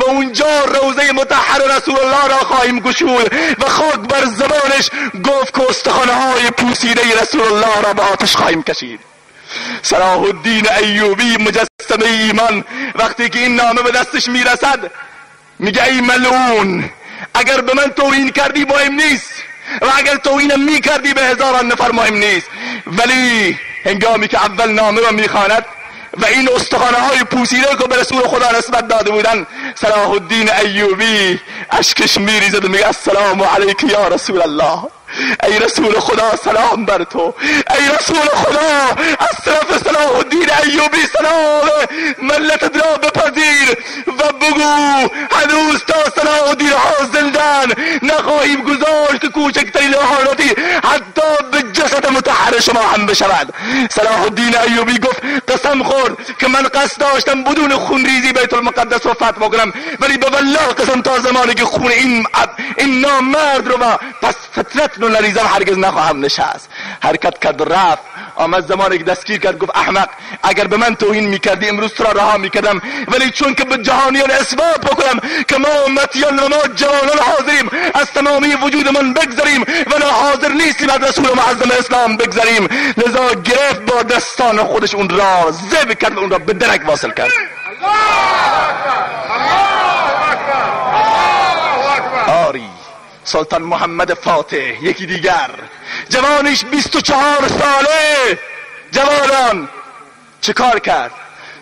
و اونجا روزه متحر رسول الله را خواهیم گشود و خود بر زبانش گفت که استخانه های پوسیده رسول الله را به آتش خواهیم کشید صلاح الدین ایوبی مجسمه ایمان وقتی که این نامه به دستش میرسد میگه ای ملعون اگر به من توهین کردی مهم نیست و اگر توهینم میکردی به هزاران نفر مهم نیست ولی هنگامی که اول نامه را میخواند و این استخانه های پوسیده که به رسول خدا نسبت داده بودن صلاح الدین ایوبی اشکش میریزد میگه السلام علیک یا رسول الله ای رسول خدا سلام بر تو ای رسول خدا از طرف صلاح الدین ایوبی سلام ملت را بپذیر و بگو هنوز تا صلاح الدین ها زندن نخواهیم گذاشت کوچکتری حالتی حتی به وسط متحر شما هم بشود صلاح الدین ایوبی گفت قسم خور که من قصد داشتم بدون ریزی بیت المقدس رو فتح کنم ولی به والله قسم تا زمانی که خون این این نامرد رو با پس فترت رو نریزم هرگز نخواهم نشست حرکت کرد رفت آمد زمانی که دستگیر کرد گفت احمق اگر به من توهین میکردی امروز تو را رها میکردم ولی چون که به جهانیان اثبات بکنم که ما امتیان و ما جوانان حاضریم از تمامی وجودمان بگذریم و نه حاضر نیستیم از رسول معظم اسلام بگذریم لذا گرفت با دستان خودش اون را زب کرد و اون را به درک واصل کرد سلطان محمد فاتح یکی دیگر جوانش 24 ساله جوانان چه کار کرد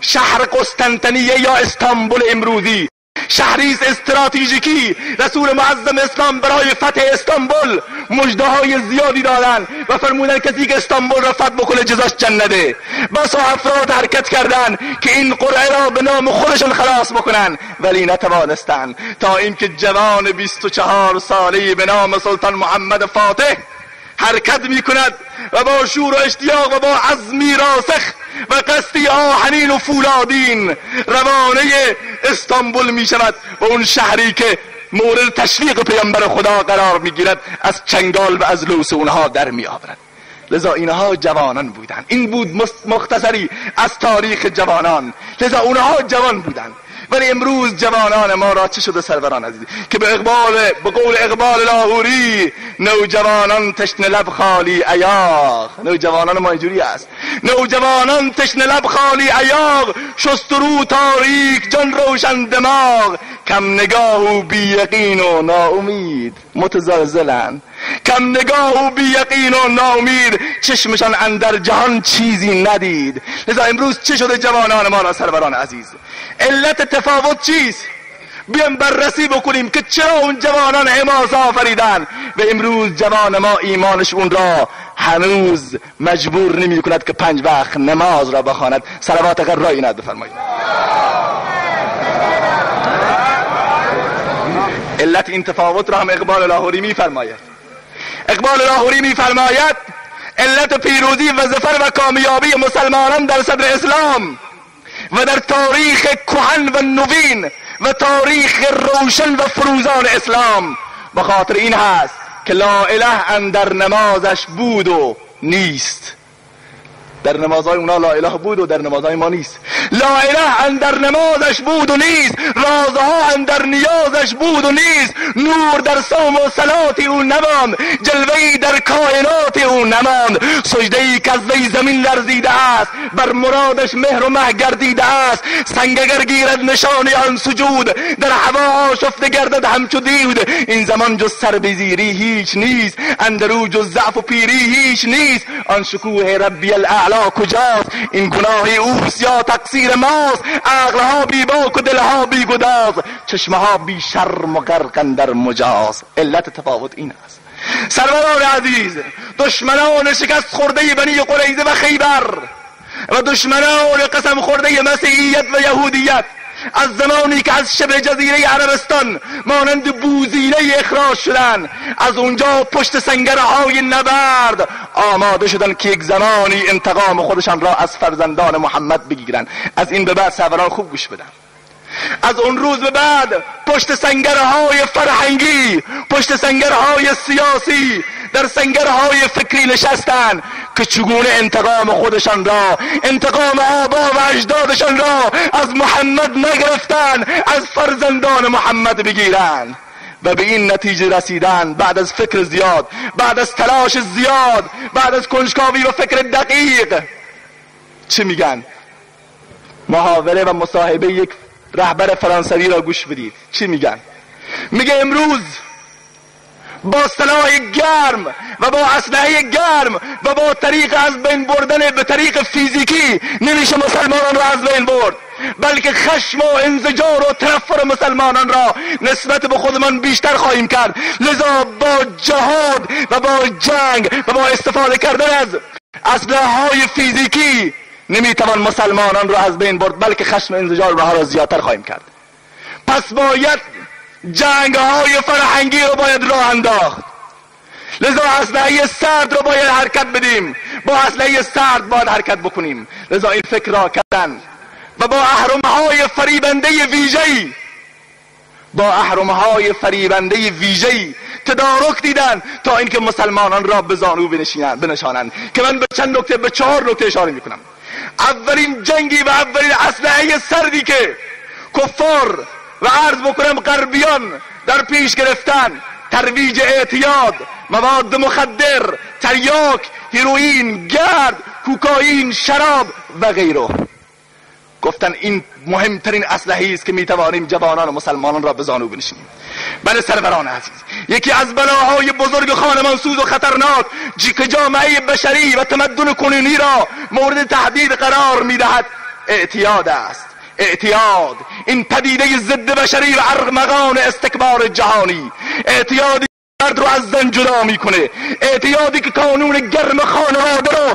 شهر قسطنطنیه یا استانبول امروزی شهری استراتژیکی رسول معظم اسلام برای فتح استانبول مجده زیادی دادن و فرمودن کسی که استانبول را فتح بکنه جزاش جنده بسا افراد حرکت کردن که این قرعه را به نام خودشون خلاص بکنن ولی نتوانستن تا اینکه جوان 24 ساله به نام سلطان محمد فاتح حرکت می کند و با شور و اشتیاق و با عزمی راسخ و قصدی آهنین و فولادین روانه استانبول می شود و اون شهری که مورد تشویق پیامبر خدا قرار می گیرد از چنگال و از لوس اونها در می آورد لذا اینها جوانان بودند این بود مختصری از تاریخ جوانان لذا اونها جوان بودند ولی امروز جوانان ما را چه شده سروران عزیزی که به اقبال به قول اقبال لاهوری نوجوانان تشنه لب خالی ایاغ نوجوانان ما اینجوری است نوجوانان تشنه لب خالی شست رو تاریک جان روشن دماغ کم نگاه و بی یقین و ناامید متزلزلن کم نگاه و بی یقین و نامید چشمشان اندر جهان چیزی ندید لذا امروز چه شده جوانان ما را سروران عزیز علت تفاوت چیست بیم بررسی بکنیم که چرا اون جوانان حماس آفریدن و امروز جوان ما ایمانش اون را هنوز مجبور نمی کند که پنج وقت نماز را بخواند سلوات اگر رای ند بفرمایید علت این تفاوت را هم اقبال لاهوری می فرماید اقبال لاهوری میفرماید علت پیروزی و ظفر و کامیابی مسلمانان در صدر اسلام و در تاریخ کهن و نوین و تاریخ روشن و فروزان اسلام به خاطر این هست که لا اله در نمازش بود و نیست در نمازهای اونا لا اله بود و در نمازهای ما نیست لا اله اندر نمازش بود و نیست رازها اندر نیازش بود و نیست نور در سوم و سلات او نماند جلوه در کائنات او نماند سجده ای که زمین وی زمین لرزیده است بر مرادش مهر و مه گردیده است سنگ اگر گیرد نشان آن سجود در هوا آشفته گردد همچو دیود این زمان جز سر بزیری هیچ نیست اندرو جز ضعف و پیری هیچ نیست آن شکوه ربی الاعلا کجاست این گناه اوست یا زیر عقلها بی باک و دلها بی گداز چشمها بی شرم و در مجاز علت تفاوت این است سروران عزیز دشمنان شکست خورده بنی قریزه و خیبر و دشمنان قسم خورده مسیحیت و یهودیت از زمانی که از شبه جزیره عربستان مانند بوزینه اخراج شدن از اونجا پشت سنگرهای نبرد آماده شدن که یک زمانی انتقام خودشان را از فرزندان محمد بگیرن از این به بعد خوب گوش بدن از اون روز به بعد پشت سنگرهای فرهنگی پشت سنگرهای سیاسی در سنگرهای فکری نشستن که چگونه انتقام خودشان را انتقام آبا و اجدادشان را از محمد نگرفتن از فرزندان محمد بگیرن و به این نتیجه رسیدن بعد از فکر زیاد بعد از تلاش زیاد بعد از کنجکاوی و فکر دقیق چی میگن محاوره و مصاحبه یک رهبر فرانسوی را گوش بدید چی میگن میگه امروز با سلاح گرم و با اسلحه گرم و با طریق از بین بردن به طریق فیزیکی نمیشه مسلمانان را از بین برد بلکه خشم و انزجار و تنفر مسلمانان را نسبت به خودمان بیشتر خواهیم کرد لذا با جهاد و با جنگ و با استفاده کردن از اسلحه های فیزیکی نمیتوان مسلمانان را از بین برد بلکه خشم و انزجار را را زیادتر خواهیم کرد پس باید جنگ های فرهنگی رو باید راه انداخت لذا اسلحه سرد رو باید حرکت بدیم با اسلحه سرد باید حرکت بکنیم لذا این فکر را کردن و با احرام های فریبنده ویژه‌ای با احرام های فریبنده ویژه‌ای تدارک دیدن تا اینکه مسلمانان را به زانو بنشانند که من به چند نکته به چهار نکته اشاره میکنم اولین جنگی و اولین اسلحه سردی که کفار و عرض بکنم غربیان در پیش گرفتن ترویج اعتیاد مواد مخدر تریاک هیروئین گرد کوکائین شراب و غیره گفتن این مهمترین اسلحه است که میتوانیم جوانان و مسلمانان را به زانو بنشینیم بله سروران عزیز یکی از بلاهای بزرگ خانمان سوز و خطرناک که جامعه بشری و تمدن کنونی را مورد تهدید قرار میدهد اعتیاد است اعتیاد این پدیده ضد بشری و ارمغان استکبار جهانی اعتیادی مرد رو از زن جدا میکنه اعتیادی که قانون گرم خانواده رو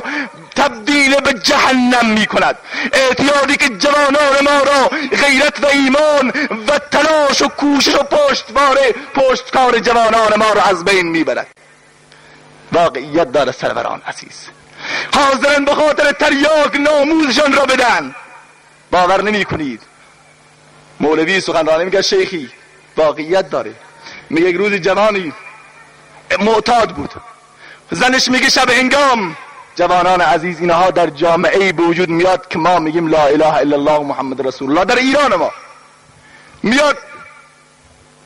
تبدیل به جهنم می کند اعتیادی که جوانان ما را غیرت و ایمان و تلاش و کوشش و پشتواره پشتکار جوانان ما را از بین میبرد. واقعیت داره سروران عزیز حاضرن به خاطر تریاک ناموزشان را بدن باور نمی کنید مولوی سخنرانی میگه شیخی واقعیت داره میگه یک روز جوانی معتاد بود زنش میگه شب هنگام جوانان عزیز اینها در جامعه به وجود میاد که ما میگیم لا اله الا الله محمد رسول الله در ایران ما میاد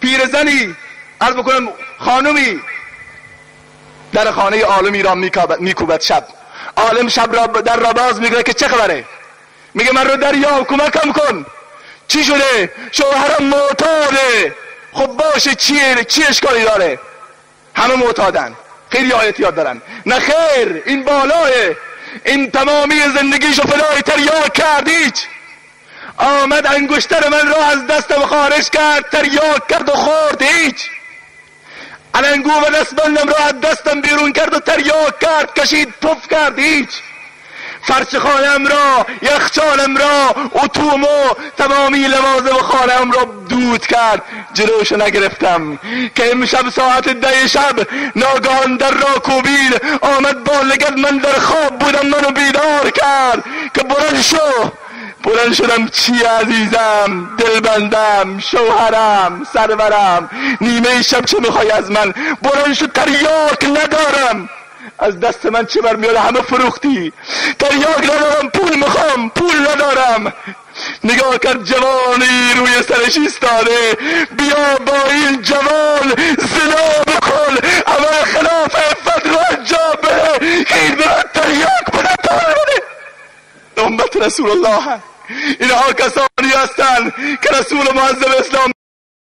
پیرزنی عرض بکنم خانومی در خانه عالم ایران میکوبد شب عالم شب را در را باز میگه که چه خبره میگه من رو دریاب کمکم کن چی شده شوهرم معتاده خب باشه چیه چی اشکالی داره همه معتادن خیلی آیت یاد دارن نه خیر این بالاه این تمامی و فدای تریاک کرد هیچ آمد انگشتر من را از دستم خارج کرد تریاک کرد و خورد هیچ الانگو و دستبندم را از دستم بیرون کرد و تریاک کرد کشید پف کرد هیچ خانم را یخچالم را اتوم و تمامی و خانم را دود کرد جلوش نگرفتم که امشب ساعت ده شب ناگهان در را کوبید آمد با لگد من در خواب بودم منو بیدار کرد که بلند شو بلند شدم چی عزیزم دلبندم شوهرم سرورم نیمه شب چه میخوای از من بلند شد تریاک ندارم از دست من چه برمیاد همه فروختی تریاک ندارم پول میخوام پول ندارم نگاه کرد جوانی روی سرش ایستاده بیا با این جوان زنا بکن اما خلاف عفت رو انجام بده که این برد تریاک بده تاره امت رسول الله اینها کسانی هستند که رسول معظم اسلام